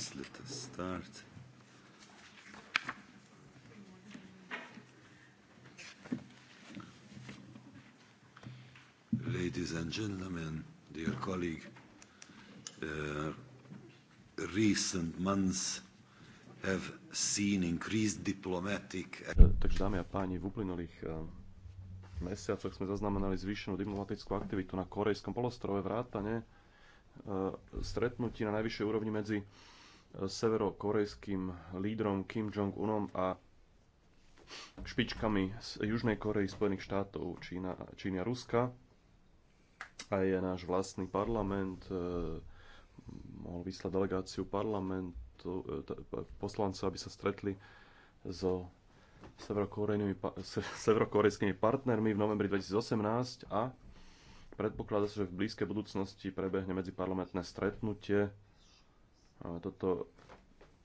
Yes, Let us start. Ladies and gentlemen, dear colleague, uh, recent months have seen increased diplomatic... E, takže dámy a páni, v uplynulých e, mesiacoch sme zaznamenali zvýšenú diplomatickú aktivitu na Korejskom polostrove vrátane e, stretnutí na najvyššej úrovni medzi severokorejským lídrom Kim Jong-unom a špičkami z Južnej Korei, Spojených štátov, Čína, Čína Ruska. A je náš vlastný parlament, e, mohol vyslať delegáciu parlamentu, e, poslancov, aby sa stretli so severokorejskými partnermi v novembri 2018 a predpokladá sa, že v blízkej budúcnosti prebehne medziparlamentné stretnutie toto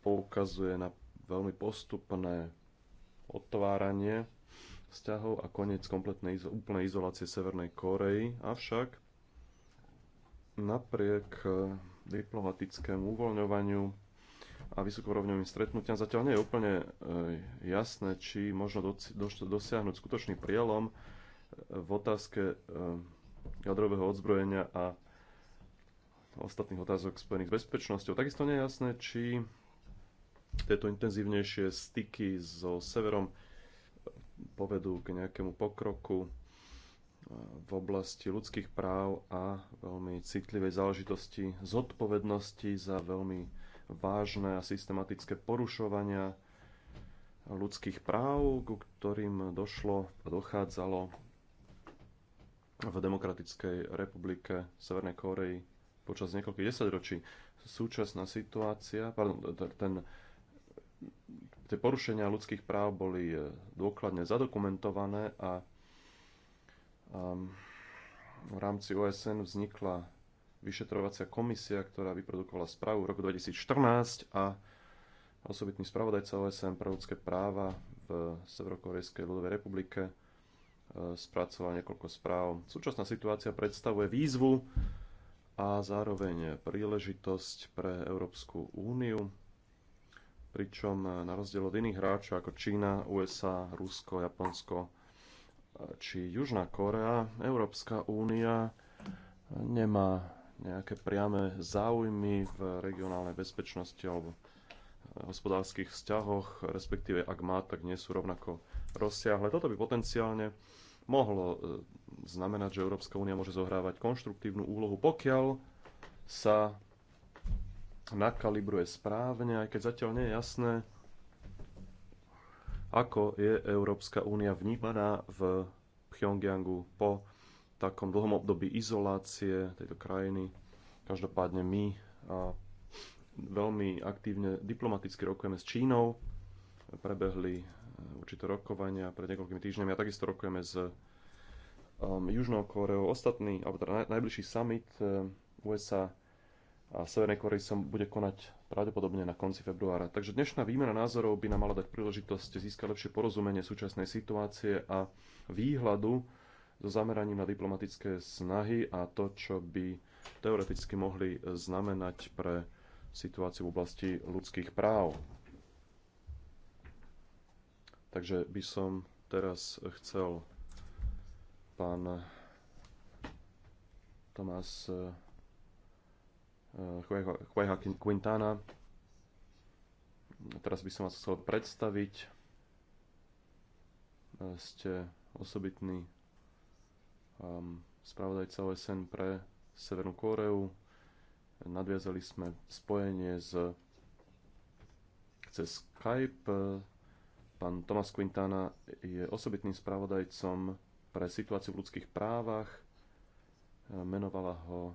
poukazuje na veľmi postupné otváranie vzťahov a koniec kompletnej úplnej izolácie Severnej Korei. Avšak napriek e, diplomatickému uvoľňovaniu a vysokorovňovým stretnutiam zatiaľ nie je úplne e, jasné, či možno dosiahnuť skutočný prielom e, v otázke jadrového odzbrojenia a ostatných otázok spojených s bezpečnosťou. Takisto nie je jasné, či tieto intenzívnejšie styky so severom povedú k nejakému pokroku v oblasti ľudských práv a veľmi citlivej záležitosti zodpovednosti za veľmi vážne a systematické porušovania ľudských práv, ku ktorým došlo a dochádzalo v Demokratickej republike Severnej Kórei počas niekoľkých desaťročí. Súčasná situácia, pardon, ten, tie porušenia ľudských práv boli e, dôkladne zadokumentované a, um, v rámci OSN vznikla vyšetrovacia komisia, ktorá vyprodukovala správu v roku 2014 a osobitný spravodajca OSN pre ľudské práva v Severokorejskej ľudovej republike e, spracoval niekoľko správ. Súčasná situácia predstavuje výzvu a zároveň príležitosť pre Európsku úniu, pričom na rozdiel od iných hráčov ako Čína, USA, Rusko, Japonsko či Južná Korea, Európska únia nemá nejaké priame záujmy v regionálnej bezpečnosti alebo hospodárskych vzťahoch, respektíve ak má, tak nie sú rovnako rozsiahle. Toto by potenciálne mohlo e, znamenať, že Európska únia môže zohrávať konštruktívnu úlohu, pokiaľ sa nakalibruje správne, aj keď zatiaľ nie je jasné, ako je Európska únia vnímaná v Pyongyangu po takom dlhom období izolácie tejto krajiny. Každopádne my veľmi aktívne diplomaticky rokujeme s Čínou. Prebehli určité rokovania pred niekoľkými týždňami a takisto rokujeme s um, Južnou Koreou. Ostatný, alebo teda najbližší summit USA um, a Severnej Korei sa bude konať pravdepodobne na konci februára. Takže dnešná výmena názorov by nám mala dať príležitosť získať lepšie porozumenie súčasnej situácie a výhľadu so zameraním na diplomatické snahy a to, čo by teoreticky mohli znamenať pre situáciu v oblasti ľudských práv. Takže by som teraz chcel pán Tomás Cueja eh, eh, Quintana. Teraz by som vás chcel predstaviť. Ste osobitný um, spravodajca OSN pre Severnú Kóreu. Nadviazali sme spojenie z, cez Skype Pán Tomás Quintana je osobitným spravodajcom pre situáciu v ľudských právach. Menovala ho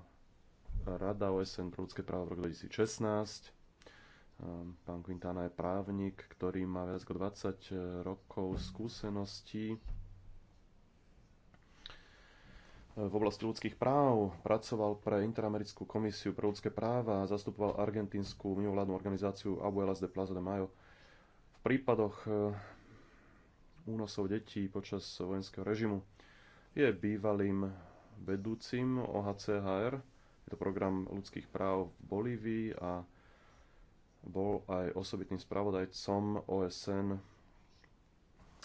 Rada OSN pre ľudské práva v roku 2016. Pán Quintana je právnik, ktorý má viac ako 20 rokov skúseností v oblasti ľudských práv. Pracoval pre Interamerickú komisiu pre ľudské práva, a zastupoval argentínsku mimovládnu organizáciu Abuelas de Plaza de Mayo v prípadoch eh, únosov detí počas vojenského režimu. Je bývalým vedúcim OHCHR, je to program ľudských práv v Bolívii a bol aj osobitným spravodajcom OSN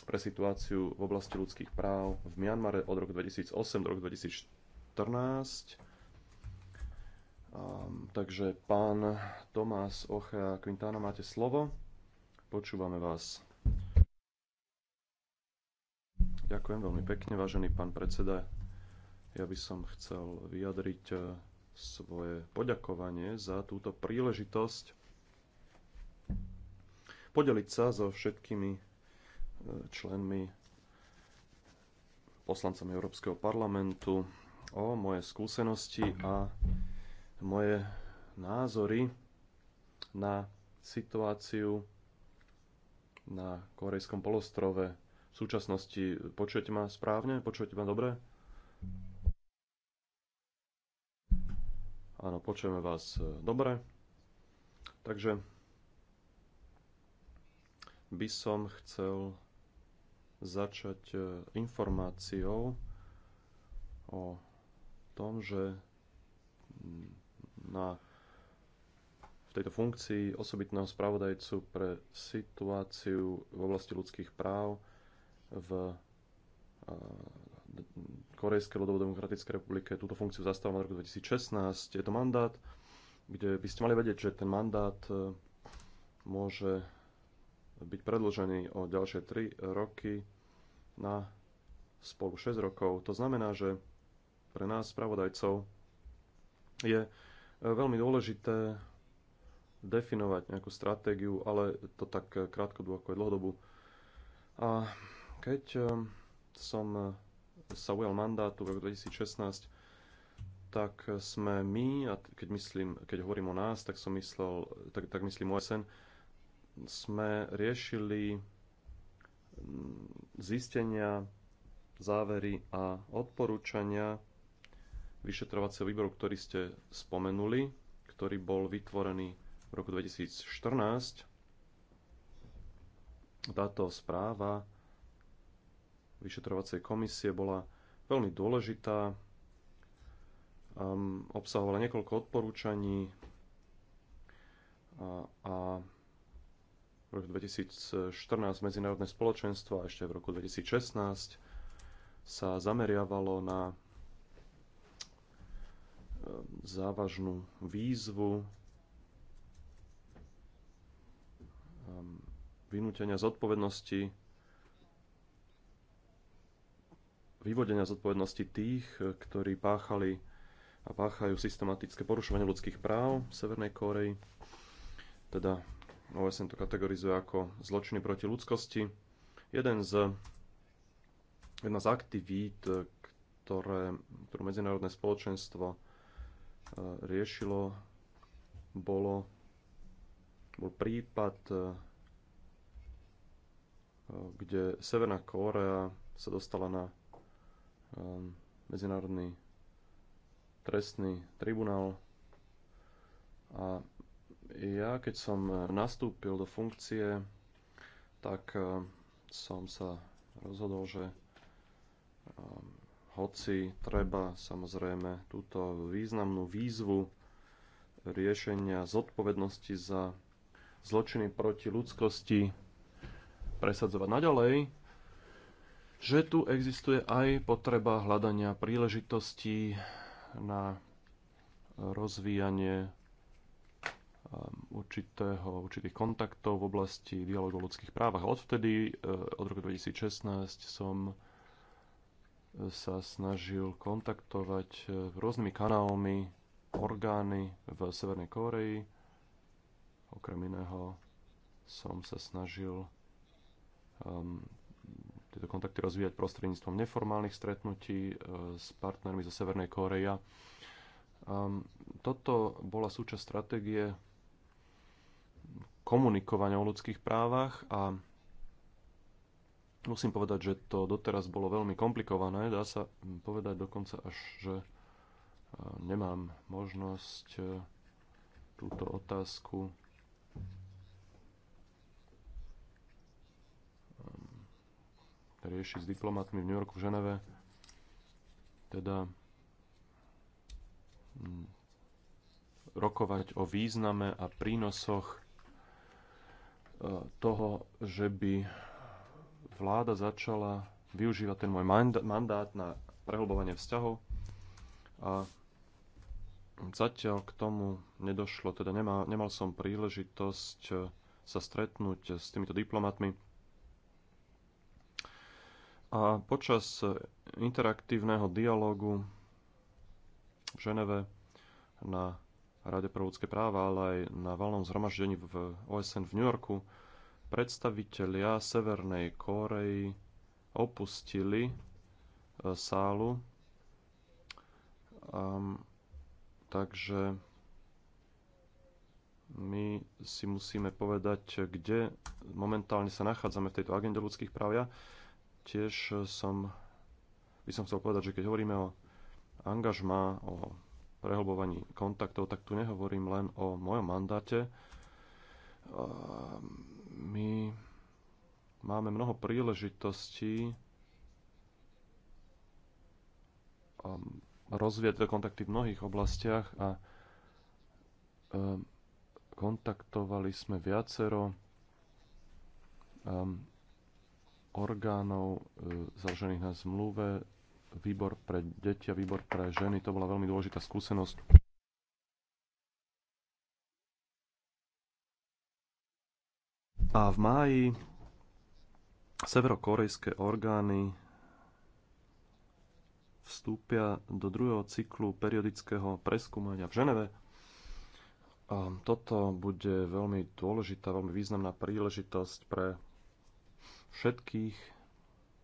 pre situáciu v oblasti ľudských práv v Mianmare od roku 2008 do roku 2014. Um, ehm, takže pán Tomás Ochea Quintana, máte slovo. Počúvame vás. Ďakujem veľmi pekne, vážený pán predseda. Ja by som chcel vyjadriť eh, svoje poďakovanie za túto príležitosť podeliť sa so všetkými eh, členmi poslancami Európskeho parlamentu o moje skúsenosti a moje názory na situáciu na Korejskom polostrove. V súčasnosti počujete ma správne? Počujete ma dobre? Áno, počujeme vás e, dobre. Takže by som chcel začať e, informáciou o tom, že na tejto funkcii osobitného spravodajcu pre situáciu v oblasti ľudských práv v Korejskej ľudovo-demokratickej republike. Túto funkciu zastával na roku 2016. Je to mandát, kde by ste mali vedieť, že ten mandát e, môže byť predlžený o ďalšie 3 roky na spolu 6 rokov. To znamená, že pre nás, spravodajcov, je e, veľmi dôležité definovať nejakú stratégiu, ale to tak eh, krátko ako aj dlhodobú. A keď eh, som eh, sa ujal mandátu v roku 2016, tak sme my, a keď, myslím, keď hovorím o nás, tak som myslel, tak, tak myslím OSN, sme riešili mm, zistenia, závery a odporúčania vyšetrovacieho výboru, ktorý ste spomenuli, ktorý bol vytvorený v roku 2014 táto správa vyšetrovacej komisie bola veľmi dôležitá. Um, obsahovala niekoľko odporúčaní a, a v roku 2014 medzinárodné spoločenstvo a ešte v roku 2016 sa zameriavalo na um, závažnú výzvu vynútenia zodpovednosti vyvodenia zodpovednosti tých, eh, ktorí páchali a páchajú systematické porušovanie ľudských práv v Severnej Kórei. Teda OSN to kategorizuje ako zločiny proti ľudskosti. Jeden z, jedna z aktivít, eh, ktoré, ktorú medzinárodné spoločenstvo eh, riešilo, bolo, bol prípad kde Severná Kórea sa dostala na ehm, medzinárodný trestný tribunál. A ja, keď som nastúpil do funkcie, tak ehm, som sa rozhodol, že ehm, hoci treba samozrejme túto významnú výzvu riešenia zodpovednosti za zločiny proti ľudskosti presadzovať naďalej, že tu existuje aj potreba hľadania príležitostí na rozvíjanie um, určitého, určitých kontaktov v oblasti dialogu o ľudských právach. odvtedy, eh, od roku 2016, som eh, sa snažil kontaktovať eh, rôznymi kanálmi orgány v Severnej Kóreji. Okrem iného som sa snažil Um, tieto kontakty rozvíjať prostredníctvom neformálnych stretnutí uh, s partnermi zo Severnej Um, Toto bola súčasť stratégie komunikovania o ľudských právach a musím povedať, že to doteraz bolo veľmi komplikované. Dá sa povedať dokonca až, že uh, nemám možnosť uh, túto otázku rieši s diplomatmi v New Yorku, v Ženeve. Teda mm, rokovať o význame a prínosoch e, toho, že by vláda začala využívať ten môj mandát na prehlbovanie vzťahov. A zatiaľ k tomu nedošlo, teda nemal, nemal som príležitosť e, sa stretnúť s týmito diplomatmi. A počas interaktívneho dialógu v Ženeve na Rade pre ľudské práva, ale aj na valnom zhromaždení v OSN v New Yorku, predstavitelia Severnej Kórei opustili e, sálu. Um, takže my si musíme povedať, kde momentálne sa nachádzame v tejto agende ľudských práv. Ja Tiež som, by som chcel povedať, že keď hovoríme o angažma, o prehlbovaní kontaktov, tak tu nehovorím len o mojom mandáte. My máme mnoho príležitostí um, rozvieť kontakty v mnohých oblastiach a um, kontaktovali sme viacero um, orgánov e, založených na zmluve, výbor pre deti a výbor pre ženy. To bola veľmi dôležitá skúsenosť. A v máji severokorejské orgány vstúpia do druhého cyklu periodického preskúmania v Ženeve. A toto bude veľmi dôležitá, veľmi významná príležitosť pre všetkých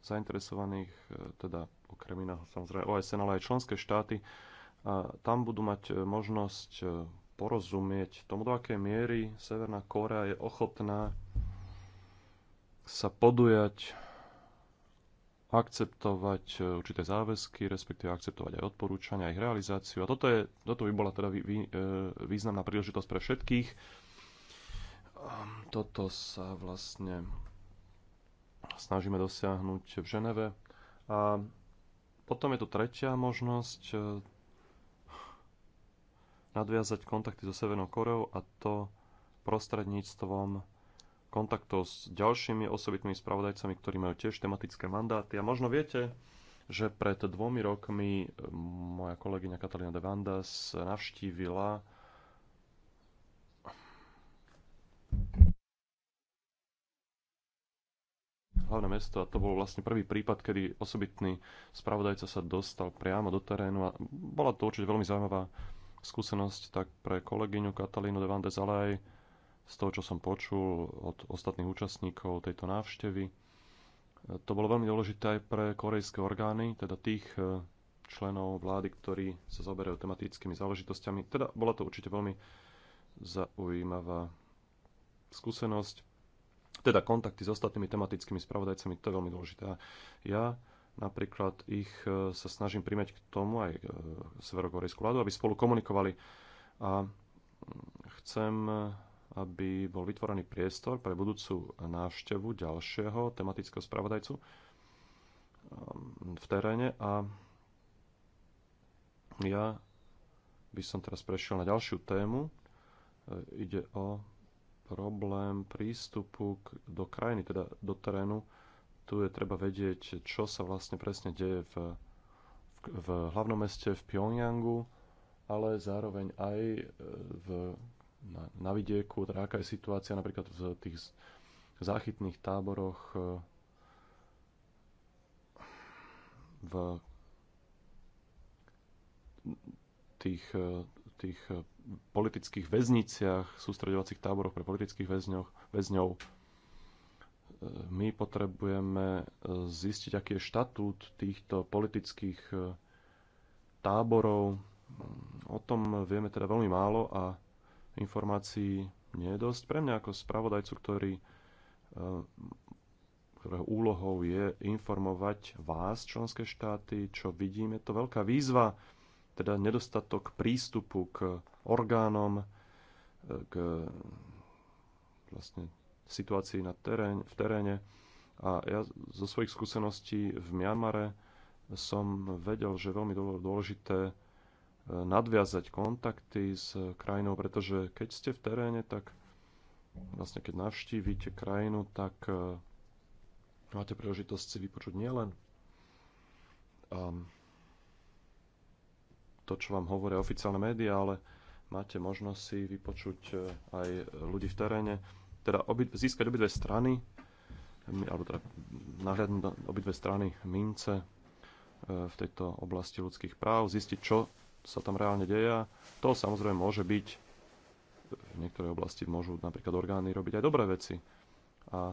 zainteresovaných, e, teda okrem iného samozrejme OSN, ale aj členské štáty, a e, tam budú mať e, možnosť porozumieť tomu, do akej miery Severná Kórea je ochotná sa podujať, akceptovať určité záväzky, respektíve akceptovať aj odporúčania, ich realizáciu. A toto, je, toto by bola teda vý, vý, významná príležitosť pre všetkých. Ehm, toto sa vlastne snažíme dosiahnuť v Ženeve. A potom je tu tretia možnosť e, nadviazať kontakty so Severnou Koreou a to prostredníctvom kontaktov s ďalšími osobitnými spravodajcami, ktorí majú tiež tematické mandáty. A možno viete, že pred dvomi rokmi e, moja kolegyňa Katalina de Vandas navštívila hlavné mesto a to bol vlastne prvý prípad, kedy osobitný spravodajca sa dostal priamo do terénu a bola to určite veľmi zaujímavá skúsenosť tak pre kolegyňu Katalínu de Vandes, ale aj z toho, čo som počul od ostatných účastníkov tejto návštevy. To bolo veľmi dôležité aj pre korejské orgány, teda tých eh, členov vlády, ktorí sa zaoberajú tematickými záležitosťami. Teda bola to určite veľmi zaujímavá skúsenosť teda kontakty s ostatnými tematickými spravodajcami, to je veľmi dôležité. A ja napríklad ich e, sa snažím primeť k tomu aj e, severokorejskú vládu, aby spolu komunikovali a mm, chcem e, aby bol vytvorený priestor pre budúcu návštevu ďalšieho tematického spravodajcu v teréne a ja by som teraz prešiel na ďalšiu tému. Ide o problém prístupu k, do krajiny, teda do terénu. Tu je treba vedieť, čo sa vlastne presne deje v, v, v hlavnom meste v Pyongyangu, ale zároveň aj e, v, na, na vidieku, teda aká je situácia napríklad v tých záchytných táboroch e, v tých e, tých eh, politických väzniciach, sústredovacích táboroch pre politických väzňov, väzňov. Eh, my potrebujeme eh, zistiť, aký je štatút týchto politických táborov. O tom vieme teda veľmi málo a informácií nie je dosť. Pre mňa ako spravodajcu, ktorý ktorého úlohou je informovať vás, členské štáty, čo vidím. Je to veľká výzva, teda nedostatok prístupu k orgánom, e, k vlastne situácii na terén, v teréne. A ja zo svojich skúseností v Mianmare som vedel, že je veľmi dôležité e, nadviazať kontakty s krajinou, pretože keď ste v teréne, tak vlastne keď navštívite krajinu, tak e, máte príležitosť si vypočuť nielen um, to, čo vám hovoria oficiálne médiá, ale máte možnosť si vypočuť e, aj ľudí v teréne, teda obi, získať obidve strany, alebo teda nahľadnúť obidve strany mince e, v tejto oblasti ľudských práv, zistiť, čo sa tam reálne deje. To samozrejme môže byť, v niektorej oblasti môžu napríklad orgány robiť aj dobré veci. A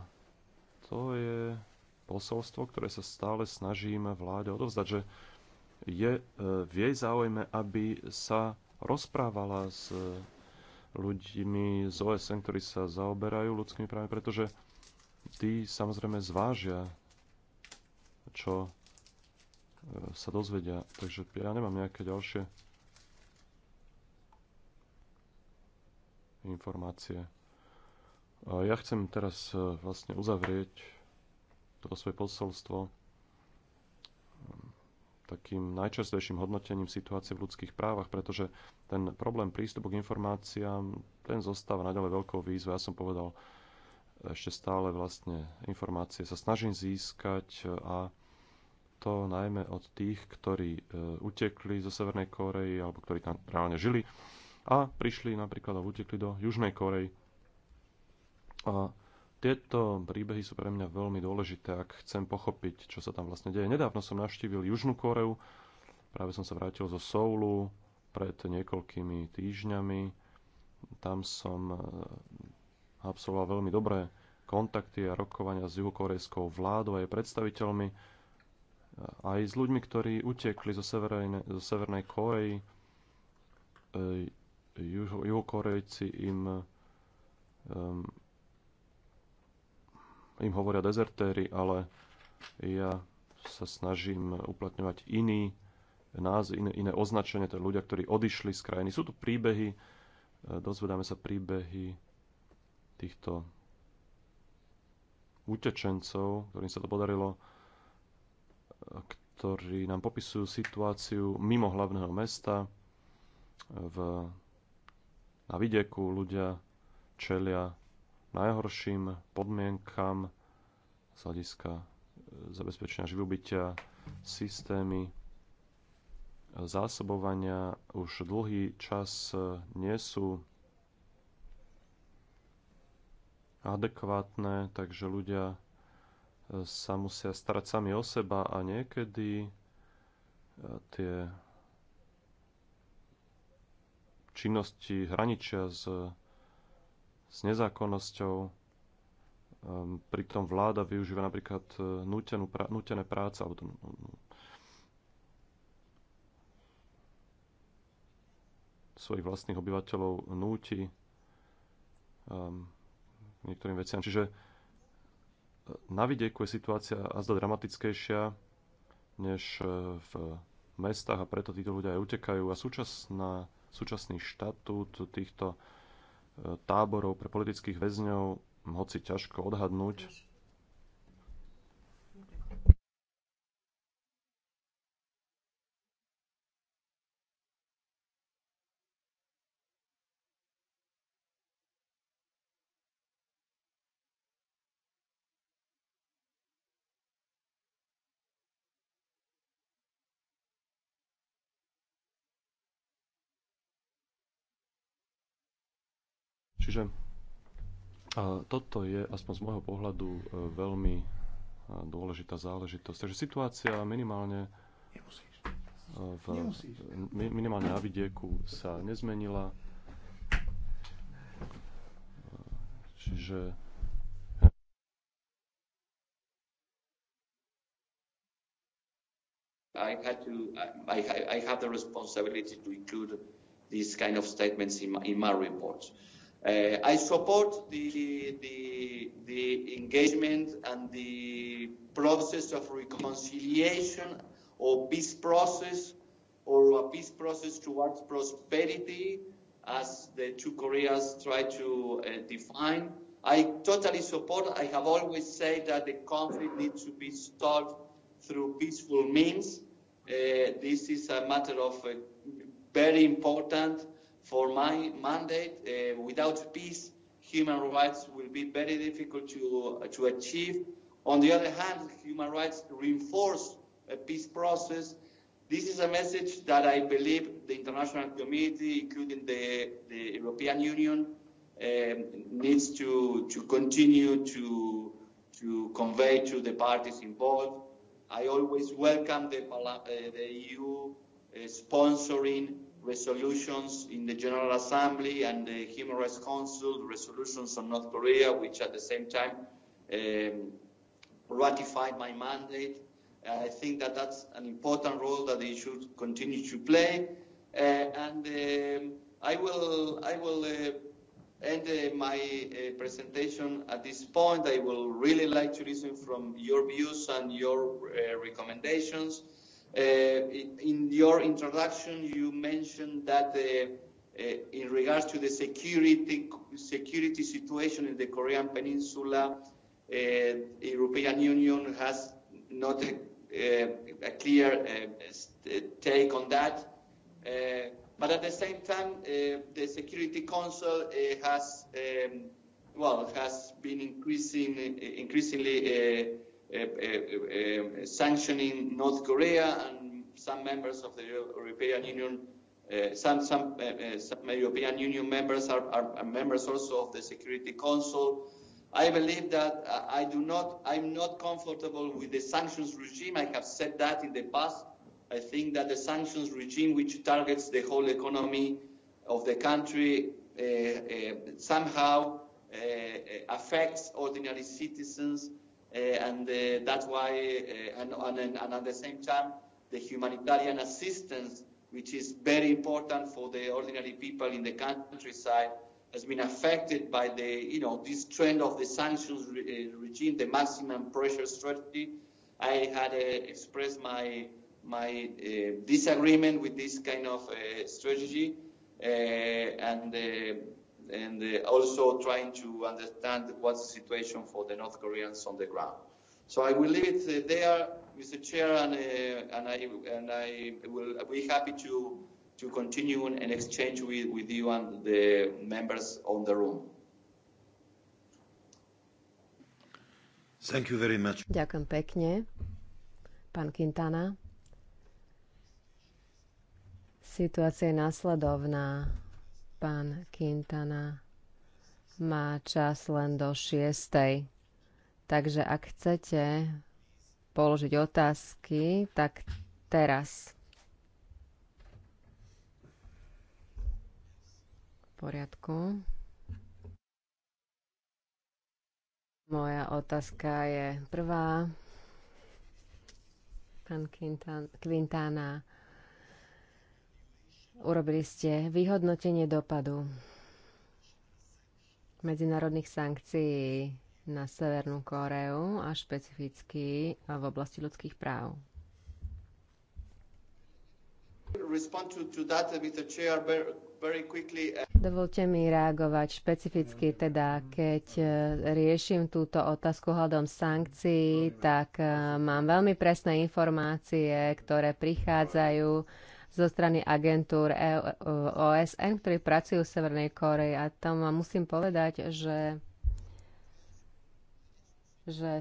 to je posolstvo, ktoré sa stále snažíme vláde odovzdať, že je e, v jej záujme, aby sa rozprávala s e, ľuďmi z OSN, ktorí sa zaoberajú ľudskými právami, pretože tí samozrejme zvážia, čo e, sa dozvedia. Takže ja nemám nejaké ďalšie informácie. Ja chcem teraz vlastne uzavrieť toto svoje posolstvo takým najčastejším hodnotením situácie v ľudských právach, pretože ten problém prístupu k informáciám, ten zostáva naďalej veľkou výzvou. Ja som povedal, ešte stále vlastne informácie sa snažím získať a to najmä od tých, ktorí e, utekli zo Severnej Korei alebo ktorí tam reálne žili a prišli napríklad a utekli do Južnej Korei. A tieto príbehy sú pre mňa veľmi dôležité, ak chcem pochopiť, čo sa tam vlastne deje. Nedávno som navštívil Južnú Koreu, práve som sa vrátil zo Soulu pred niekoľkými týždňami. Tam som eh, absolvoval veľmi dobré kontakty a rokovania s juhokorejskou vládou a jej predstaviteľmi, eh, aj s ľuďmi, ktorí utekli zo Severnej, zo Severnej Korei. Eh, juhokorejci im um, im hovoria dezertéry, ale ja sa snažím uplatňovať iný názv, iné, iné označenie, teda ľudia, ktorí odišli z krajiny. Sú tu príbehy, e, dozvedáme sa príbehy týchto utečencov, ktorým sa to podarilo, e, ktorí nám popisujú situáciu mimo hlavného mesta, e, v, na vidieku ľudia čelia najhorším podmienkam z hľadiska e, zabezpečenia živobytia, systémy e, zásobovania už dlhý čas e, nie sú adekvátne, takže ľudia sa musia starať sami o seba a niekedy tie činnosti hraničia s s nezákonnosťou. Ehm, pritom vláda využíva napríklad e, nutenú, nutené práce alebo no, no, no, svojich vlastných obyvateľov núti ehm, niektorým veciam. Čiže e, na vidieku je situácia azda dramatickejšia než e, v mestách a preto títo ľudia aj utekajú. A súčasná, súčasný štatút týchto táborov pre politických väzňov, hoci ťažko odhadnúť, Čiže toto je aspoň z môjho pohľadu e, veľmi e, dôležitá záležitosť. Takže situácia minimálne e, v, minimálne na vidieku sa nezmenila. Čiže I had to, I, I, I have the responsibility to include these kind of statements in my, in my reports. Uh, I support the, the, the engagement and the process of reconciliation or peace process or a peace process towards prosperity as the two Koreas try to uh, define. I totally support, I have always said that the conflict needs to be solved through peaceful means. Uh, this is a matter of uh, very important For my mandate, uh, without peace, human rights will be very difficult to, to achieve. On the other hand, human rights reinforce a peace process. This is a message that I believe the international community, including the, the European Union, um, needs to, to continue to, to convey to the parties involved. I always welcome the, uh, the EU uh, sponsoring resolutions in the General Assembly and the Human Rights Council, resolutions on North Korea, which at the same time um, ratified my mandate. I think that that's an important role that they should continue to play. Uh, and um, I will, I will uh, end uh, my uh, presentation at this point. I will really like to listen from your views and your uh, recommendations. Uh, in your introduction, you mentioned that uh, uh, in regards to the security security situation in the Korean Peninsula, the European Union has not a, a clear take on that. But at the same time, the Security Council has, um, well, has been increasing increasingly uh, uh, sanctioning North Korea and some members of the European Union, uh, some, some, uh, some European Union members are, are, members also of the Security Council. I believe that uh, I do not, I'm not comfortable with the sanctions regime. I have said that in the past. I think that the sanctions regime, which targets the whole economy of the country, uh, uh, somehow uh, affects ordinary citizens Eh, and uh that's why, uh and, and, and at the same time, the humanitarian assistance, which is very important for the ordinary people in the countryside, has been affected by the, you know, this trend of the sanctions re- regime, the maximum pressure strategy. I had uh, expressed my my uh, disagreement with this kind of uh, strategy, uh, and uh, and uh, also trying to understand what's the situation for the North Koreans on the ground. So I will leave it uh, there, Mr. Chair, and, uh, and, I, and I will be happy to, to continue and exchange with, with you and the members on the room. Thank you very much. Ďakujem pekne. Pán Quintana. Situácia je následovná. Pán Quintana má čas len do 6. Takže ak chcete položiť otázky, tak teraz. V poriadku. Moja otázka je prvá. Pán Quintana, Urobili ste vyhodnotenie dopadu medzinárodných sankcií na Severnú Kóreu a špecificky v oblasti ľudských práv. Uh, uh, Dovolte mi reagovať špecificky, teda keď uh, riešim túto otázku hľadom sankcií, tak mám veľmi presné informácie, ktoré prichádzajú zo strany agentúr e OSN, ktorí pracujú v Severnej Koreji. A tam musím povedať, že že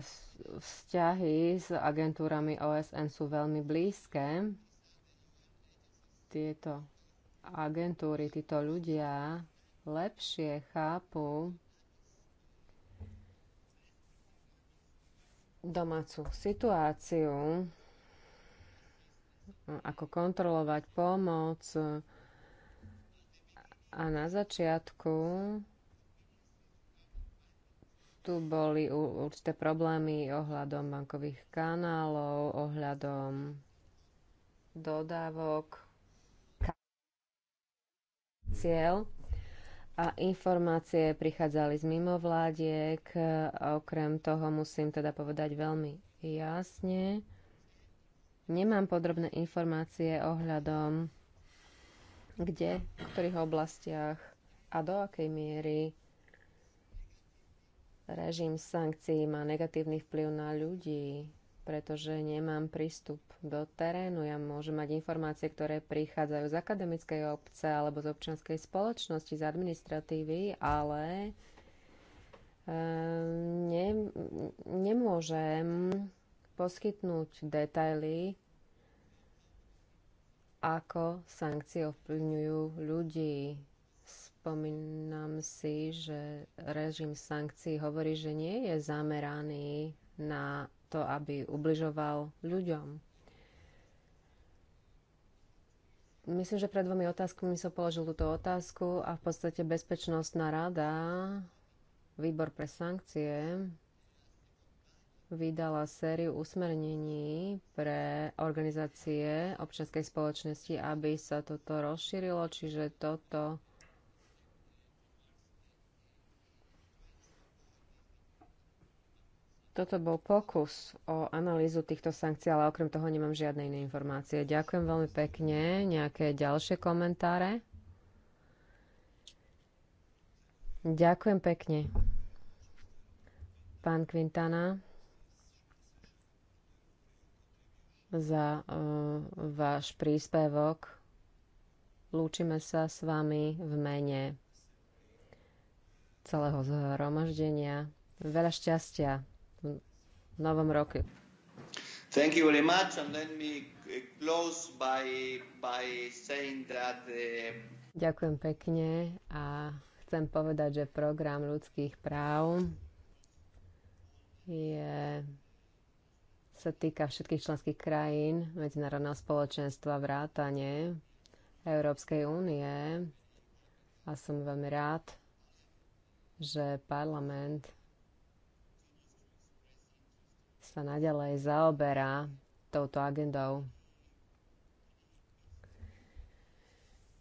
vzťahy s agentúrami OSN sú veľmi blízke. Tieto agentúry, títo ľudia lepšie chápu domácu situáciu ako kontrolovať pomoc. A na začiatku tu boli určité problémy ohľadom bankových kanálov, ohľadom dodávok, cieľ a informácie prichádzali z mimovládiek. Okrem toho musím teda povedať veľmi jasne, Nemám podrobné informácie ohľadom kde, v ktorých oblastiach a do akej miery režim sankcií má negatívny vplyv na ľudí, pretože nemám prístup do terénu. Ja môžem mať informácie, ktoré prichádzajú z akademickej obce alebo z občianskej spoločnosti, z administratívy, ale ehm, ne, nemôžem poskytnúť detaily, ako sankcie ovplyvňujú ľudí. Spomínam si, že režim sankcií hovorí, že nie je zameraný na to, aby ubližoval ľuďom. Myslím, že pred dvomi otázkami som položil túto otázku a v podstate Bezpečnostná rada, výbor pre sankcie, vydala sériu usmernení pre organizácie občianskej spoločnosti, aby sa toto rozšírilo, čiže toto Toto bol pokus o analýzu týchto sankcií, ale okrem toho nemám žiadne iné informácie. Ďakujem veľmi pekne. Nejaké ďalšie komentáre? Ďakujem pekne. Pán Quintana. za e, váš príspevok. Lúčime sa s vami v mene celého zhromaždenia. Veľa šťastia v novom roku. Thank you very much and let me close by, by saying that the... Uh, Ďakujem pekne a chcem povedať, že program ľudských práv je sa týka všetkých členských krajín medzinárodného spoločenstva vrátane Európskej únie a som veľmi rád, že parlament sa naďalej zaoberá touto agendou.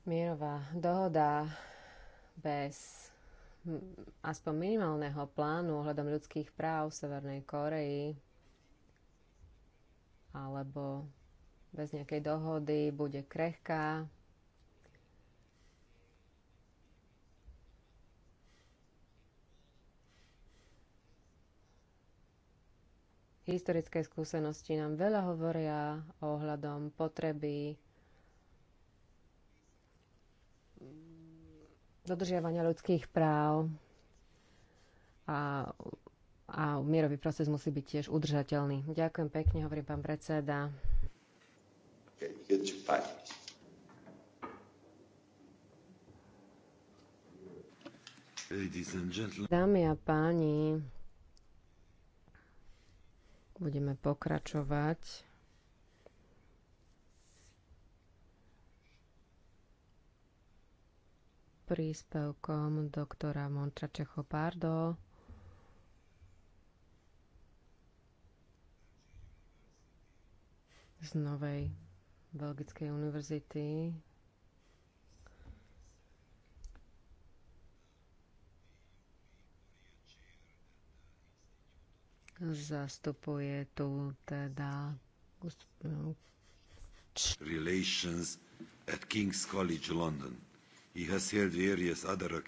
Mierová dohoda bez aspoň minimálneho plánu ohľadom ľudských práv v Severnej Koreji alebo bez nejakej dohody bude krehká. Historické skúsenosti nám veľa hovoria ohľadom potreby dodržiavania ľudských práv a a mierový proces musí byť tiež udržateľný. Ďakujem pekne, hovorí pán predseda. Dámy a páni, budeme pokračovať. príspevkom doktora Montra Čechopardo z Novej Belgickej univerzity. Zastupuje tu teda Relations at King's College London. He has held various other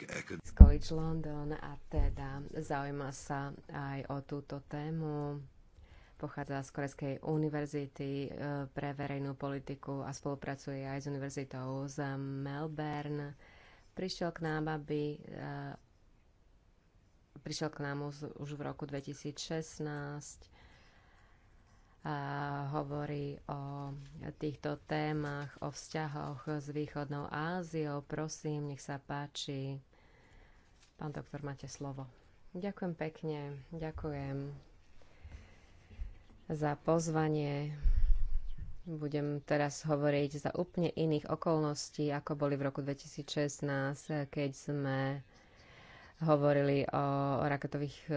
College London a teda zaujíma sa aj o túto tému pochádza z Korejskej univerzity e, pre verejnú politiku a spolupracuje aj s univerzitou z Melbourne. Prišiel k nám, aby e, prišiel k nám už v roku 2016 a hovorí o týchto témach, o vzťahoch s Východnou Áziou. Prosím, nech sa páči. Pán doktor, máte slovo. Ďakujem pekne, ďakujem za pozvanie. Budem teraz hovoriť za úplne iných okolností, ako boli v roku 2016, keď sme hovorili o raketových e,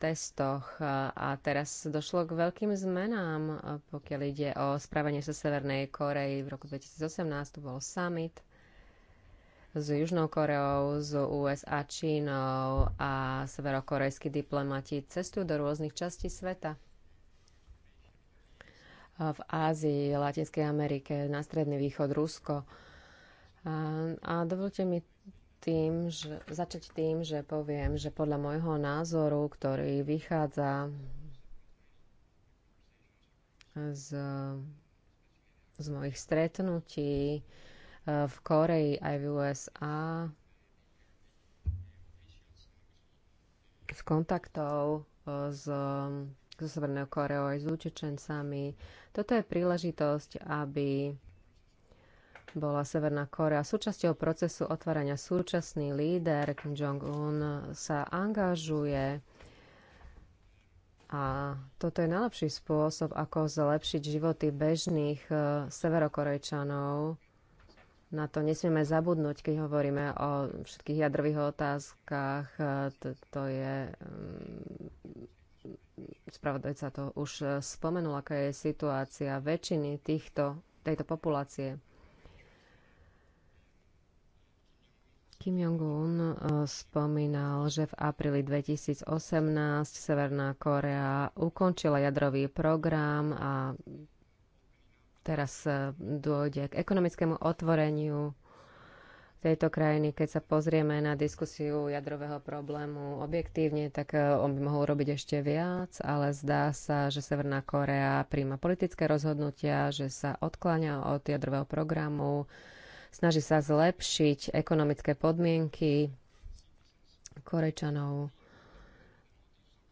testoch a teraz došlo k veľkým zmenám, e, pokiaľ ide o správanie sa Severnej Korei. V roku 2018 tu bol summit s Južnou Koreou, s USA, Čínou a severokorejskí diplomati cestujú do rôznych častí sveta v Ázii, Latinskej Amerike, na Stredný východ, Rusko. A, a dovolte mi tým, že, začať tým, že poviem, že podľa môjho názoru, ktorý vychádza z, z mojich stretnutí e, v Koreji aj v USA, z kontaktov s e, zo severného Koreou aj s utečencami. Toto je príležitosť, aby bola Severná Korea súčasťou procesu otvárania. Súčasný líder Kim Jong-un sa angažuje a toto je najlepší spôsob, ako zlepšiť životy bežných e, severokorejčanov. Na to nesmieme zabudnúť, keď hovoríme o všetkých jadrových otázkach. E, to je mm, spravodajca to už e, spomenul, aká je situácia väčšiny týchto, tejto populácie. Kim Jong-un e, spomínal, že v apríli 2018 Severná Korea ukončila jadrový program a teraz e, dôjde k ekonomickému otvoreniu tejto krajiny. Keď sa pozrieme na diskusiu jadrového problému objektívne, tak e, on by mohol robiť ešte viac, ale zdá sa, že Severná Korea príjma politické rozhodnutia, že sa odkláňa od jadrového programu, snaží sa zlepšiť ekonomické podmienky Korečanov.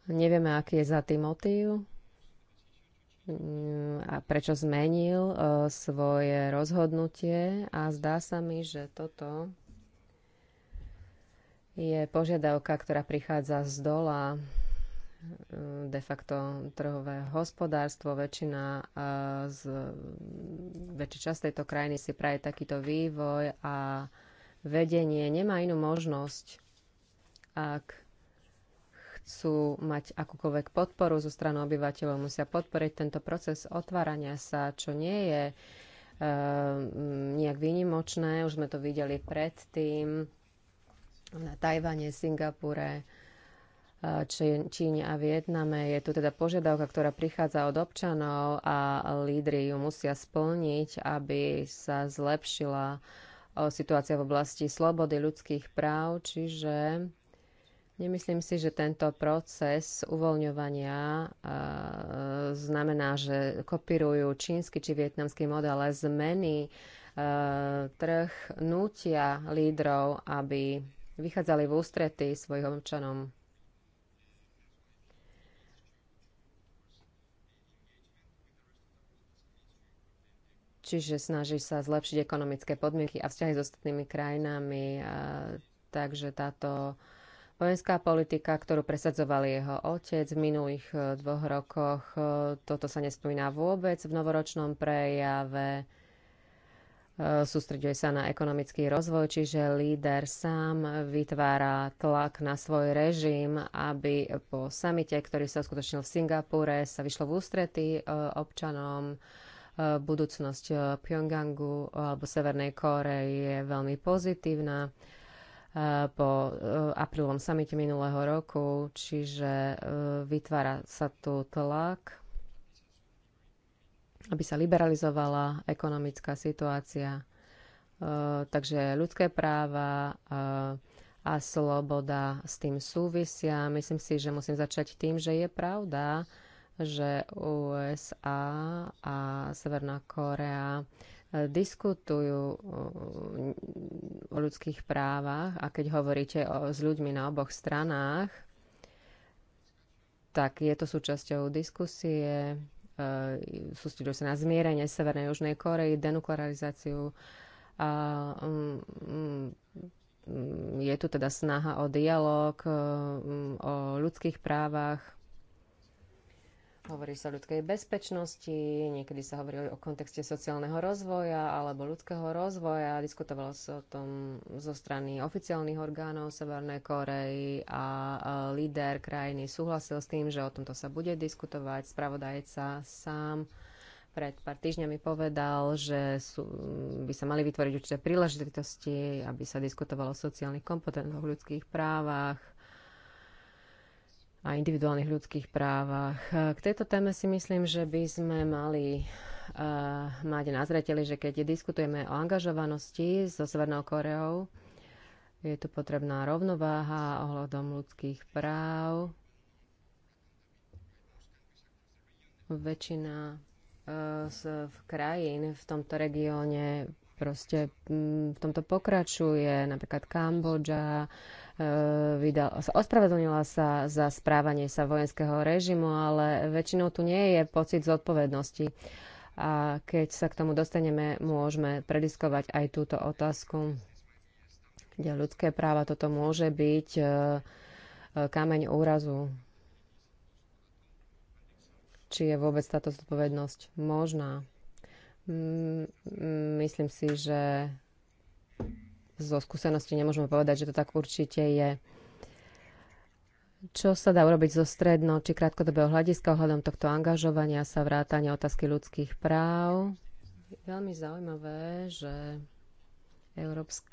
Nevieme, aký je za tým motív. Mm, a prečo zmenil e, svoje rozhodnutie a zdá sa mi, že toto je požiadavka, ktorá prichádza z dola e, de facto trhové hospodárstvo. Väčšina e, z, väčšej časť tejto krajiny si praje takýto vývoj a vedenie nemá inú možnosť, ak chcú mať akúkoľvek podporu zo strany obyvateľov, musia podporiť tento proces otvárania sa, čo nie je e, nejak výnimočné. Už sme to videli predtým na Tajvane, Singapúre, eh, Číne a Vietname. Je tu teda požiadavka, ktorá prichádza od občanov a lídry ju musia splniť, aby sa zlepšila eh, situácia v oblasti slobody ľudských práv, čiže Nemyslím si, že tento proces uvoľňovania e, znamená, že kopírujú čínsky či vietnamský model, ale zmeny e, trh nutia lídrov, aby vychádzali v ústrety svojich občanom. Čiže snaží sa zlepšiť ekonomické podmienky a vzťahy s ostatnými krajinami. E, takže táto Vojenská politika, ktorú presadzoval jeho otec v minulých eh, dvoch rokoch, eh, toto sa nespomína vôbec v novoročnom prejave. Eh, sústreďuje sa na ekonomický rozvoj, čiže líder sám vytvára tlak na svoj režim, aby po samite, ktorý sa uskutočnil v Singapúre, sa vyšlo v ústrety občanom budúcnosť Pyongyangu alebo Severnej Kóre je veľmi pozitívna po eh, aprílovom samite minulého roku, čiže eh, vytvára sa tu tlak, aby sa liberalizovala ekonomická situácia. Eh, takže ľudské práva a sloboda s tým súvisia. Myslím si, že musím začať tým, že je pravda, že USA a Severná Korea diskutujú uh, o ľudských právach a keď hovoríte o, s ľuďmi na oboch stranách, tak je to súčasťou diskusie, uh, sústredujú sa na zmierenie Severnej a Južnej Korei, denuklearizáciu. A, mm, je tu teda snaha o dialog, um, o ľudských právach. Hovorí sa o ľudskej bezpečnosti, niekedy sa hovorí o kontexte sociálneho rozvoja alebo ľudského rozvoja. Diskutovalo sa o tom zo strany oficiálnych orgánov Severnej Korei a líder krajiny súhlasil s tým, že o tomto sa bude diskutovať. Spravodajca sám pred pár týždňami povedal, že sú, by sa mali vytvoriť určité príležitosti, aby sa diskutovalo o sociálnych kompetentoch, ľudských právach, a individuálnych ľudských právach. E, k tejto téme si myslím, že by sme mali uh, mať na zreteli, že keď diskutujeme o angažovanosti so Severnou Koreou, je tu potrebná rovnováha ohľadom ľudských práv. Väčšina uh, z krajín v tomto regióne proste v tomto pokračuje, napríklad Kambodža, Eh, vydal, ospravedlnila sa za správanie sa vojenského režimu, ale väčšinou tu nie je pocit zodpovednosti. A keď sa k tomu dostaneme, môžeme prediskovať aj túto otázku, kde ľudské práva toto môže byť eh, eh, kameň úrazu. Či je vôbec táto zodpovednosť možná? myslím si, že zo skúsenosti nemôžeme povedať, že to tak určite je. Čo sa dá urobiť zo stredno či krátkodobého hľadiska ohľadom tohto angažovania sa vrátania otázky ľudských práv? veľmi zaujímavé, že európske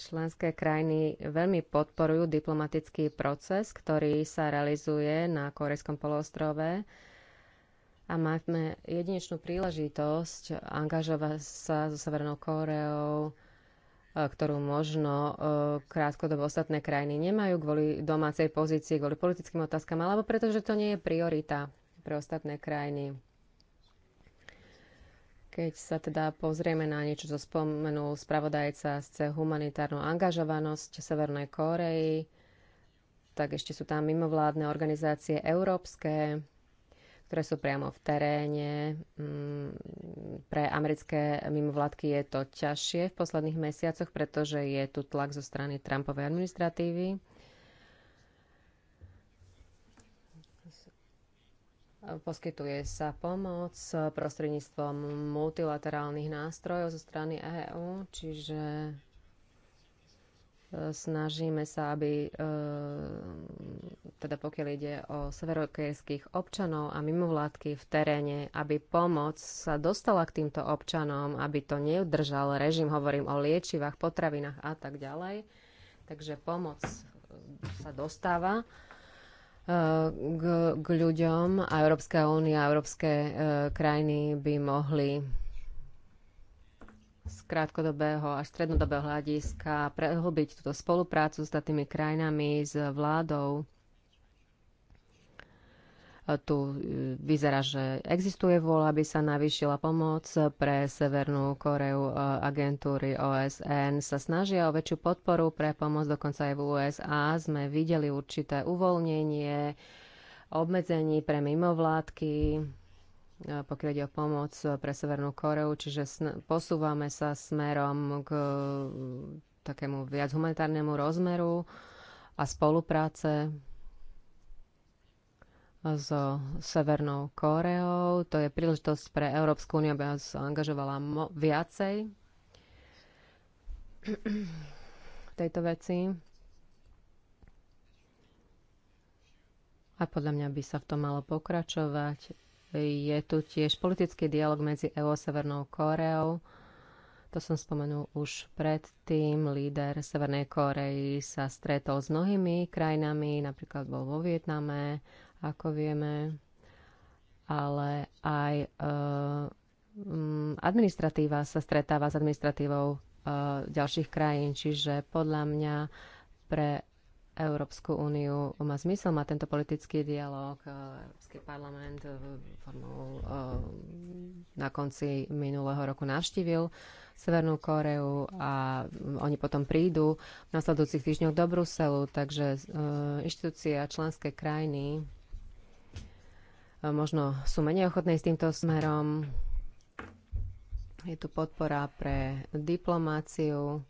členské krajiny veľmi podporujú diplomatický proces, ktorý sa realizuje na Korejskom polostrove a máme jedinečnú príležitosť angažovať sa so Severnou Kóreou E, ktorú možno e, krátkodobo ostatné krajiny nemajú kvôli domácej pozícii, kvôli politickým otázkam, alebo pretože to nie je priorita pre ostatné krajiny. Keď sa teda pozrieme na niečo, čo spomenul spravodajca z humanitárnu angažovanosť Severnej Kórei, tak ešte sú tam mimovládne organizácie európske, ktoré sú priamo v teréne. Mm, pre americké mimovládky je to ťažšie v posledných mesiacoch, pretože je tu tlak zo strany Trumpovej administratívy. Poskytuje sa pomoc prostredníctvom multilaterálnych nástrojov zo strany EÚ, čiže snažíme sa, aby e, teda pokiaľ ide o severokejských občanov a mimovládky v teréne, aby pomoc sa dostala k týmto občanom, aby to neudržal režim, hovorím o liečivách, potravinách a tak ďalej. Takže pomoc sa dostáva e, k, k ľuďom a Európska únia a európske e, krajiny by mohli z krátkodobého až strednodobého hľadiska prehlbiť túto spoluprácu s tými krajinami, s vládou. Tu e, vyzerá, že existuje vôľa, aby sa navýšila pomoc pre Severnú Koreu. E, agentúry OSN sa snažia o väčšiu podporu pre pomoc, dokonca aj v USA sme videli určité uvoľnenie obmedzení pre mimovládky Eh, pokiaľ ide o pomoc eh, pre Severnú Koreu, čiže posúvame sa smerom k eh, takému viac humanitárnemu rozmeru a spolupráce so Severnou Koreou. To je príležitosť pre Európsku úniu, aby sa angažovala viacej v tejto veci. A podľa mňa by sa v tom malo pokračovať je tu tiež politický dialog medzi EU a Severnou Kóreou. To som spomenul už predtým. Líder Severnej Kórei sa stretol s mnohými krajinami, napríklad bol vo Vietname, ako vieme, ale aj uh, administratíva sa stretáva s administratívou uh, ďalších krajín, čiže podľa mňa pre Európsku úniu má zmysel, má tento politický dialog. E, Európsky parlament e, formou, e, na konci minulého roku navštívil Severnú Koreu a oni potom prídu v nasledujúcich týždňoch do Bruselu, takže inštitúcie a členské krajiny možno sú menej ochotné s týmto smerom. Je tu podpora pre diplomáciu,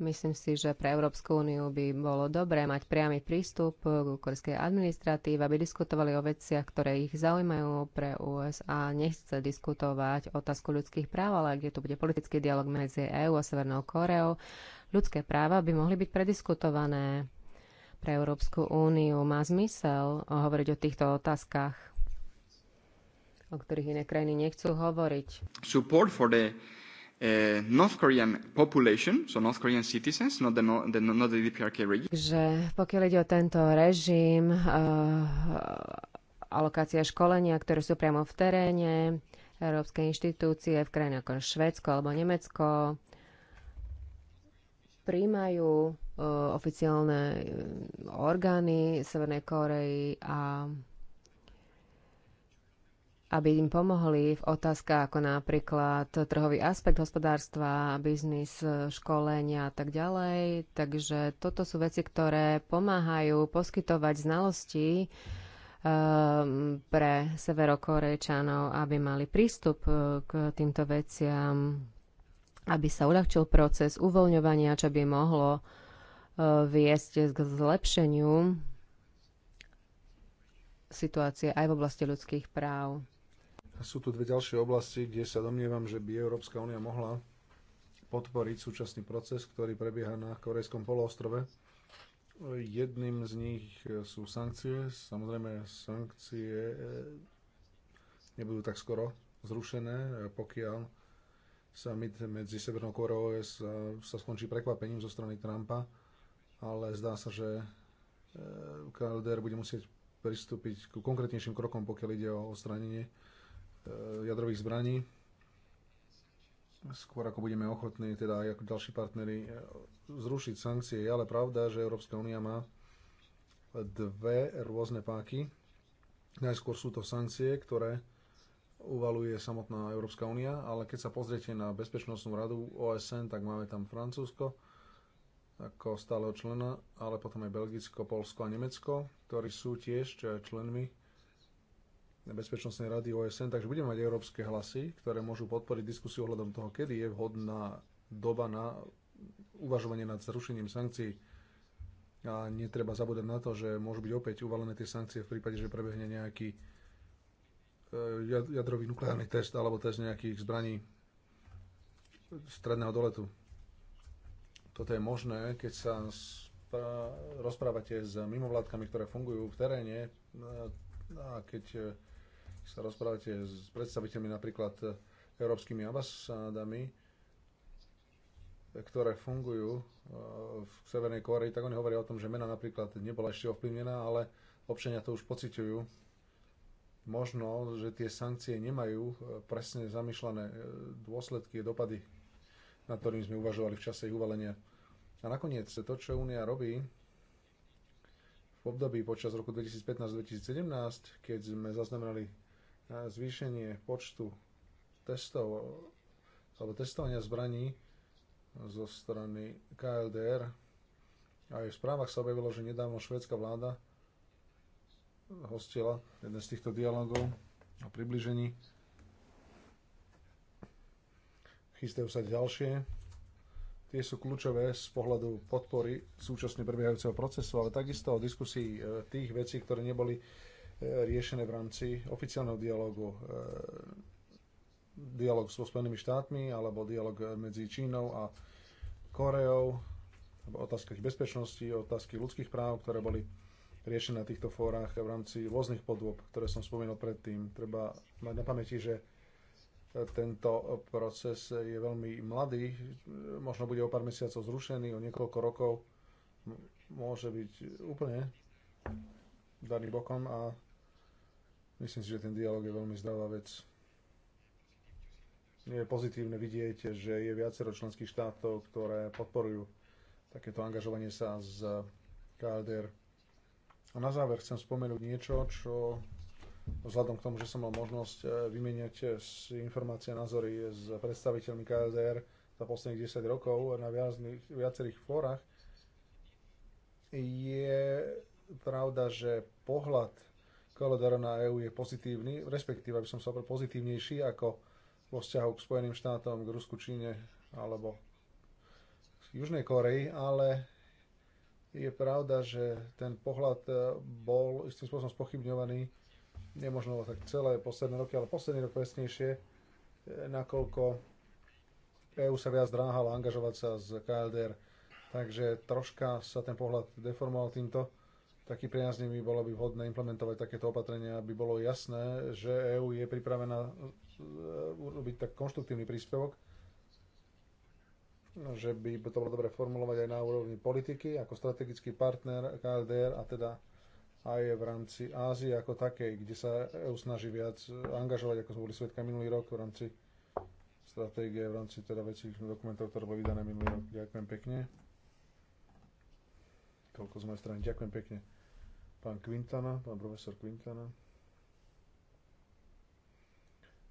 Myslím si, že pre Európsku úniu by bolo dobré mať priamy prístup k korejskej administratíve, aby diskutovali o veciach, ktoré ich zaujímajú pre USA. Nechce diskutovať otázku ľudských práv, ale kde tu bude politický dialog medzi EÚ a Severnou Koreou, ľudské práva by mohli byť prediskutované pre Európsku úniu. Má zmysel hovoriť o týchto otázkach, o ktorých iné krajiny nechcú hovoriť. Support for the uh, North Korean population, so North Korean citizens, not the, no, the, not the DPRK regime. Že pokiaľ ide o tento režim, uh, alokácia školenia, ktoré sú priamo v teréne, európske inštitúcie v krajine ako Švedsko alebo Nemecko príjmajú uh, oficiálne uh, orgány Severnej Korei a aby im pomohli v otázkach ako napríklad trhový aspekt hospodárstva, biznis, školenia a tak ďalej. Takže toto sú veci, ktoré pomáhajú poskytovať znalosti um, pre severokorejčanov, aby mali prístup e, k týmto veciam, aby sa uľahčil proces uvoľňovania, čo by mohlo e, viesť k zlepšeniu situácie aj v oblasti ľudských práv. Sú tu dve ďalšie oblasti, kde sa domnievam, že by Európska únia mohla podporiť súčasný proces, ktorý prebieha na Korejskom poloostrove. Jedným z nich sú sankcie. Samozrejme, sankcie eh, nebudú tak skoro zrušené, eh, pokiaľ summit medzi Severnou Koreou sa, sa skončí prekvapením zo strany Trumpa, ale zdá sa, že eh, KLDR bude musieť pristúpiť ku konkrétnejším krokom, pokiaľ ide o odstránenie E, jadrových zbraní. Skôr ako budeme ochotní, teda aj ako ďalší partnery, e, zrušiť sankcie. Je ale pravda, že Európska únia má dve rôzne páky. Najskôr sú to sankcie, ktoré uvaluje samotná Európska únia, ale keď sa pozriete na Bezpečnostnú radu OSN, tak máme tam Francúzsko ako stáleho člena, ale potom aj Belgicko, Polsko a Nemecko, ktorí sú tiež členmi Bezpečnostnej rady OSN, takže budeme mať európske hlasy, ktoré môžu podporiť diskusiu ohľadom toho, kedy je vhodná doba na uvažovanie nad zrušením sankcií. A netreba zabúdať na to, že môžu byť opäť uvalené tie sankcie v prípade, že prebehne nejaký e, jadrový nukleárny test alebo test nejakých zbraní stredného doletu. Toto je možné, keď sa rozprávate s mimovládkami, ktoré fungujú v teréne e, a keď e, sa rozprávate s predstaviteľmi napríklad e, európskymi ambasádami, ktoré fungujú e, v Severnej Kórei, tak oni hovoria o tom, že mena napríklad nebola ešte ovplyvnená, ale občania to už pociťujú. Možno, že tie sankcie nemajú e, presne zamýšľané dôsledky a dopady, na ktorým sme uvažovali v čase ich uvalenia. A nakoniec to, čo Únia robí v období počas roku 2015-2017, keď sme zaznamenali zvýšenie počtu testov alebo testovania zbraní zo strany KLDR. Aj v správach sa objavilo, že nedávno švédska vláda hostila jeden z týchto dialogov o približení. Chystajú sa ďalšie. Tie sú kľúčové z pohľadu podpory súčasne prebiehajúceho procesu, ale takisto o diskusii e, tých vecí, ktoré neboli E, riešené v rámci oficiálneho dialogu e, dialog so Spojenými štátmi alebo dialog e, medzi Čínou a Koreou alebo otázkach bezpečnosti, otázky ľudských práv, ktoré boli riešené na týchto fórach v rámci rôznych podôb, ktoré som spomenul predtým. Treba mať na pamäti, že tento proces je veľmi mladý, možno bude o pár mesiacov zrušený, o niekoľko rokov môže byť úplne daný bokom a Myslím si, že ten dialog je veľmi zdravá vec. Je pozitívne vidieť, že je viacero členských štátov, ktoré podporujú takéto angažovanie sa z KLDR. A na záver chcem spomenúť niečo, čo vzhľadom k tomu, že som mal možnosť eh, vymeniať eh, informácie a názory s predstaviteľmi KLDR za posledných 10 rokov na viacerých fórach, je pravda, že pohľad kalendár na EÚ je pozitívny, respektíve by som sa opravil pozitívnejší ako vo vzťahu k Spojeným štátom, k Rusku, Číne alebo Južnej Koreji, ale je pravda, že ten pohľad e, bol istým spôsobom spochybňovaný, nemožno tak celé posledné roky, ale posledný rok presnejšie, e, nakoľko EÚ sa viac dráhala angažovať sa z KLDR. Takže troška sa ten pohľad deformoval týmto taký priaznivý, bolo by vhodné implementovať takéto opatrenia, aby bolo jasné, že EÚ je pripravená e, urobiť tak konštruktívny príspevok, že by to bolo dobre formulovať aj na úrovni politiky, ako strategický partner KLDR a teda aj v rámci Ázie ako takej, kde sa EU snaží viac angažovať, ako sme boli svetka minulý rok v rámci stratégie, v rámci teda vecí dokumentov, ktoré boli vydané minulý rok. Ďakujem pekne. Toľko z mojej strany. Ďakujem pekne. Pán Quintana, pán profesor Quintana.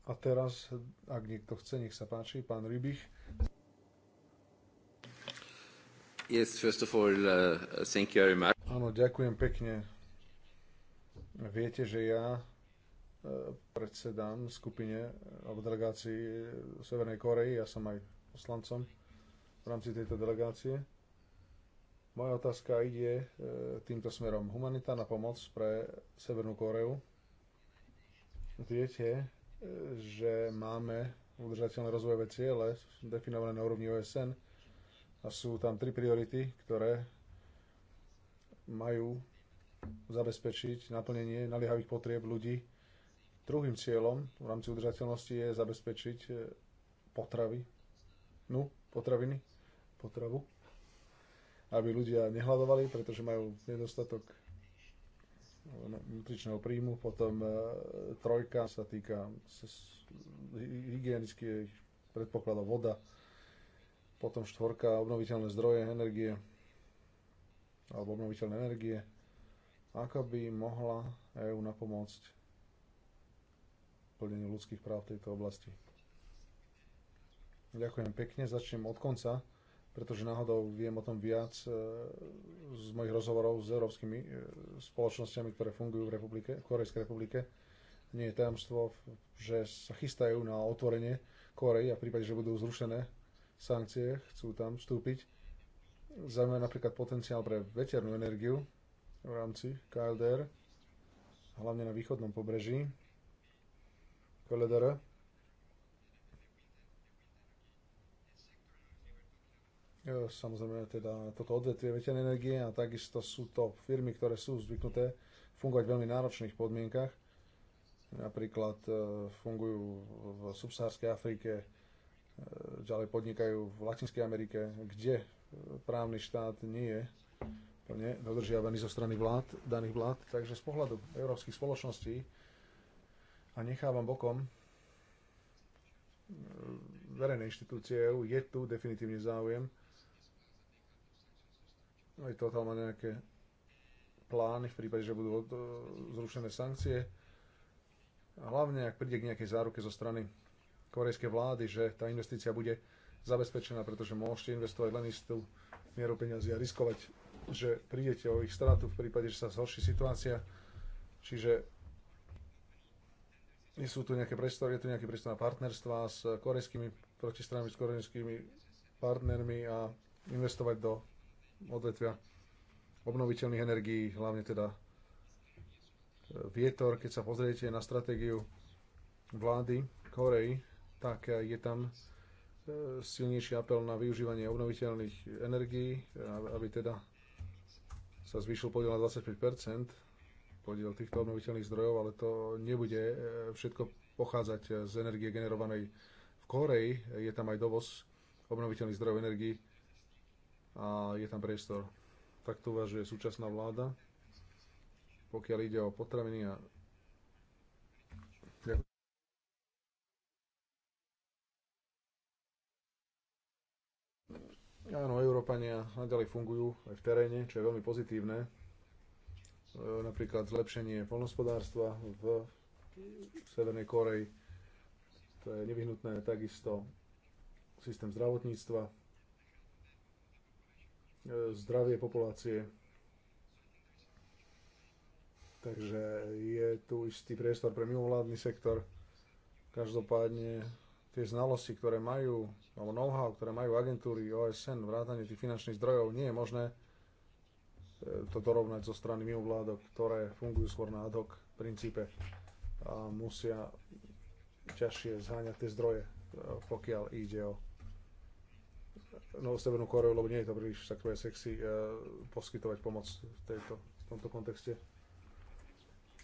A teraz, ak niekto chce, nech sa páči, pán Rybich. Yes, first of all, uh, thank you very much. Áno, ďakujem pekne. Viete, že ja uh, predsedám skupine uh, alebo delegácii uh, Severnej Korei, ja som aj poslancom v rámci tejto delegácie. Moja otázka ide e, týmto smerom. Humanitárna pomoc pre Severnú Kóreu. Viete, e, že máme udržateľné rozvojové ciele definované na úrovni OSN a sú tam tri priority, ktoré majú zabezpečiť naplnenie naliehavých potrieb ľudí. Druhým cieľom v rámci udržateľnosti je zabezpečiť e, potravy, no, potraviny, potravu aby ľudia nehľadovali, pretože majú nedostatok nutričného príjmu. Potom e, trojka sa týka hygienických predpokladov voda. Potom štvorka obnoviteľné zdroje energie alebo obnoviteľné energie. Ako by mohla EÚ napomôcť plneniu ľudských práv v tejto oblasti? Ďakujem pekne, začnem od konca pretože náhodou viem o tom viac e, z mojich rozhovorov s európskymi e, spoločnosťami, ktoré fungujú v, republike, v Korejskej republike. Nie je tajomstvo, že sa chystajú na otvorenie Korei a v prípade, že budú zrušené sankcie, chcú tam vstúpiť. Zaujímavé napríklad potenciál pre veternú energiu v rámci KLDR, hlavne na východnom pobreží. KLDR E, samozrejme teda toto odvetvie veternej energie a takisto sú to firmy, ktoré sú zvyknuté fungovať v veľmi náročných podmienkach. Napríklad e, fungujú v subsahárskej Afrike, e, ďalej podnikajú v Latinskej Amerike, kde právny štát nie je plne dodržiavaný zo strany vlád, daných vlád. Takže z pohľadu európskych spoločností a nechávam bokom verejné inštitúcie EU, je tu definitívne záujem aj no Total má nejaké plány v prípade, že budú eh, zrušené sankcie. A hlavne, ak príde k nejakej záruke zo strany korejskej vlády, že tá investícia bude zabezpečená, pretože môžete investovať len istú mieru peniazy a riskovať, že prídete o ich stratu v prípade, že sa zhorší situácia. Čiže sú tu nejaké priestory, je tu nejaký priestor na partnerstva s korejskými protistranami, s korejskými partnermi a investovať do odvetvia obnoviteľných energií, hlavne teda e, vietor. Keď sa pozriete na stratégiu vlády Korei, tak je tam e, silnejší apel na využívanie obnoviteľných energií, e, aby teda sa zvýšil podiel na 25 podiel týchto obnoviteľných zdrojov, ale to nebude všetko pochádzať z energie generovanej v Koreji. Je tam aj dovoz obnoviteľných zdrojov energií a je tam priestor. Tak to uvažuje súčasná vláda, pokiaľ ide o potraviny a Áno, Európania naďalej fungujú aj v teréne, čo je veľmi pozitívne. E, napríklad zlepšenie polnospodárstva v Severnej Koreji, to je nevyhnutné takisto systém zdravotníctva, E, zdravie populácie. Takže je tu istý priestor pre mimovládny sektor. Každopádne tie znalosti, ktoré majú, alebo know-how, ktoré majú agentúry OSN, vrátanie tých finančných zdrojov, nie je možné e, to dorovnať zo strany mimovládok, ktoré fungujú skôr na ad hoc princípe a musia ťažšie zháňať tie zdroje, e, pokiaľ ide o novú Severnú Koreu, lebo nie je to príliš takové sexy eh, poskytovať pomoc v, tejto, v tomto kontexte.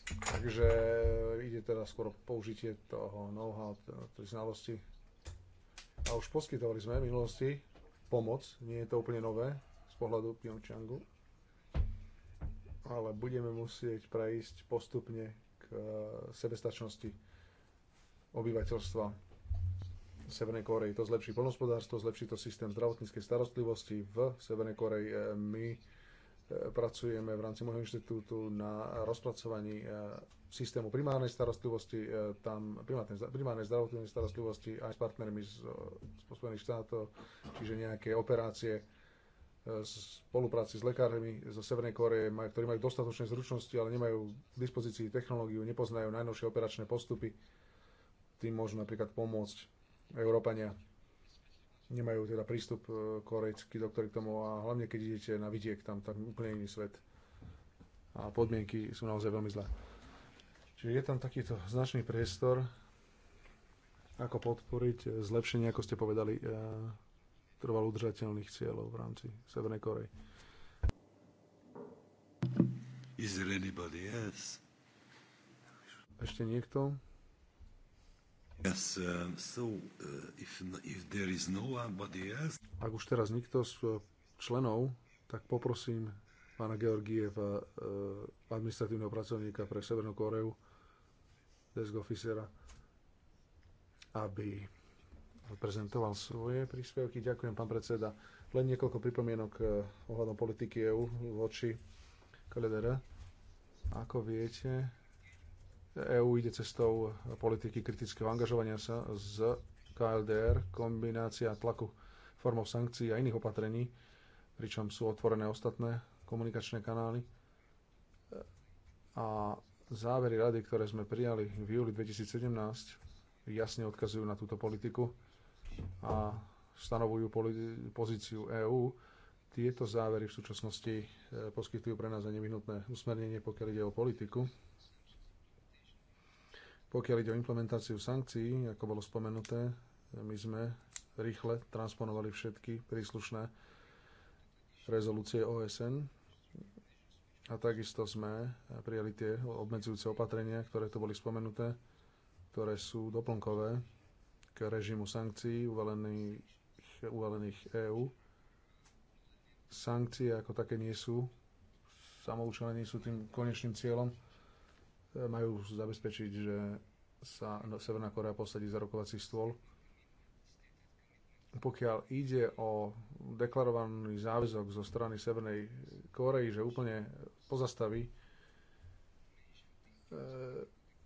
Takže eh, ide teda skôr použitie toho know-how, tej znalosti. A už poskytovali sme v minulosti pomoc, nie je to úplne nové z pohľadu Pyeongchangu, ale budeme musieť prejsť postupne k eh, sebestačnosti obyvateľstva Severnej Koreji. To zlepší polnospodárstvo, zlepší to systém zdravotníckej starostlivosti v Severnej Koreji. E, my e, pracujeme v rámci môjho inštitútu na rozpracovaní e, systému primárnej starostlivosti, tam primárnej, primárnej zdravotnej starostlivosti aj s partnermi z, z Spojených štátov, čiže nejaké operácie spolupráci s lekármi zo Severnej Koreje, ktorí majú dostatočné zručnosti, ale nemajú k dispozícii technológiu, nepoznajú najnovšie operačné postupy. Tým môžu napríklad pomôcť Európania nemajú teda prístup e, korejskí doktor k tomu a hlavne keď idete na vidiek, tam, tam úplne iný svet a podmienky sú naozaj veľmi zlé. Čiže je tam takýto značný priestor, ako podporiť zlepšenie, ako ste povedali, e, trvalo udržateľných cieľov v rámci Severnej Korei. Is there anybody else? Ešte niekto? Uh, uh, no Ak už teraz nikto z uh, členov, tak poprosím pána Georgieva, administratívneho pracovníka pre Severnú Koreu, desk officera, aby prezentoval svoje príspevky. Ďakujem, pán predseda. Len niekoľko pripomienok ohľadom politiky EÚ voči KLDR. Ako viete, EÚ ide cestou politiky kritického angažovania sa z KLDR, kombinácia tlaku formou sankcií a iných opatrení, pričom sú otvorené ostatné komunikačné kanály. A závery rady, ktoré sme prijali v júli 2017, jasne odkazujú na túto politiku a stanovujú pozíciu EÚ. Tieto závery v súčasnosti eh, poskytujú pre nás aj nevyhnutné usmernenie, pokiaľ ide o politiku pokiaľ ide o implementáciu sankcií, ako bolo spomenuté, my sme rýchle transponovali všetky príslušné rezolúcie OSN a takisto sme prijali tie obmedzujúce opatrenia, ktoré tu boli spomenuté, ktoré sú doplnkové k režimu sankcií uvalených, uvalených EÚ. Sankcie ako také nie sú samoučené, nie sú tým konečným cieľom majú zabezpečiť, že sa no, Severná Korea posadí za rokovací stôl. Pokiaľ ide o deklarovaný záväzok zo strany Severnej Korei, že úplne pozastaví e,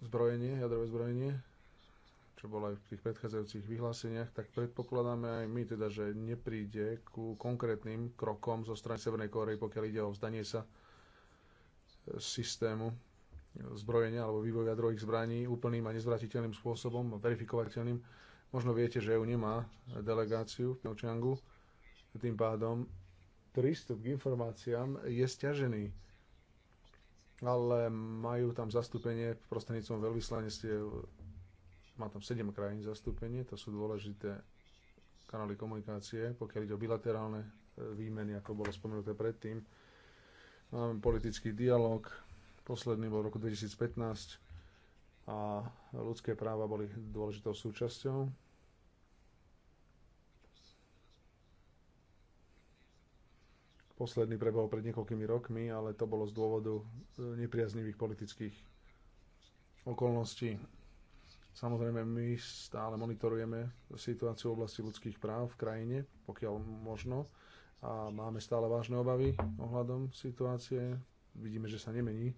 zbrojenie, jadrové zbrojenie, čo bolo aj v tých predchádzajúcich vyhláseniach, tak predpokladáme aj my teda, že nepríde ku konkrétnym krokom zo strany Severnej Kórey, pokiaľ ide o vzdanie sa e, systému zbrojenia alebo vývoj jadrových zbraní úplným a nezvratiteľným spôsobom, verifikovateľným. Možno viete, že EU nemá delegáciu v Pyeongchangu, tým pádom prístup k informáciám je stiažený, ale majú tam zastúpenie prostrednícom veľvyslanectiev, má tam 7 krajín zastúpenie, to sú dôležité kanály komunikácie, pokiaľ ide o bilaterálne e, výmeny, ako bolo spomenuté predtým. Máme politický dialog, Posledný bol v roku 2015 a ľudské práva boli dôležitou súčasťou. Posledný prebehol pred niekoľkými rokmi, ale to bolo z dôvodu e, nepriaznivých politických okolností. Samozrejme, my stále monitorujeme situáciu v oblasti ľudských práv v krajine, pokiaľ možno, a máme stále vážne obavy ohľadom situácie. Vidíme, že sa nemení.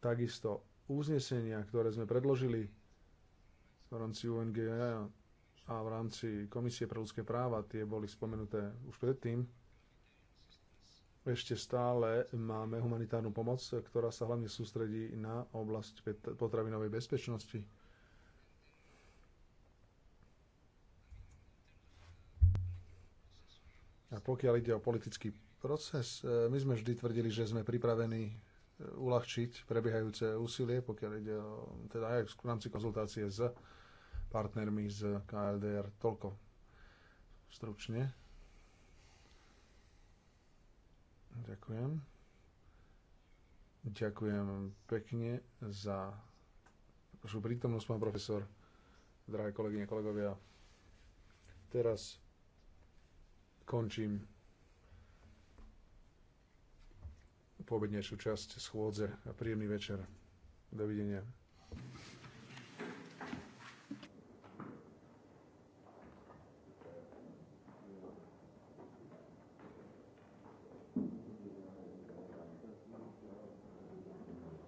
Takisto uznesenia, ktoré sme predložili v rámci UNGA a v rámci Komisie pre ľudské práva, tie boli spomenuté už predtým, ešte stále máme humanitárnu pomoc, ktorá sa hlavne sústredí na oblasť potravinovej bezpečnosti. A pokiaľ ide o politický proces, eh, my sme vždy tvrdili, že sme pripravení uľahčiť prebiehajúce úsilie, pokiaľ ide o, teda aj v rámci konzultácie s partnermi z KLDR. Toľko stručne. Ďakujem. Ďakujem pekne za vašu prítomnosť, pán profesor, drahé kolegyne, kolegovia. Teraz končím poobednejšiu časť schôdze a príjemný večer. Dovidenia.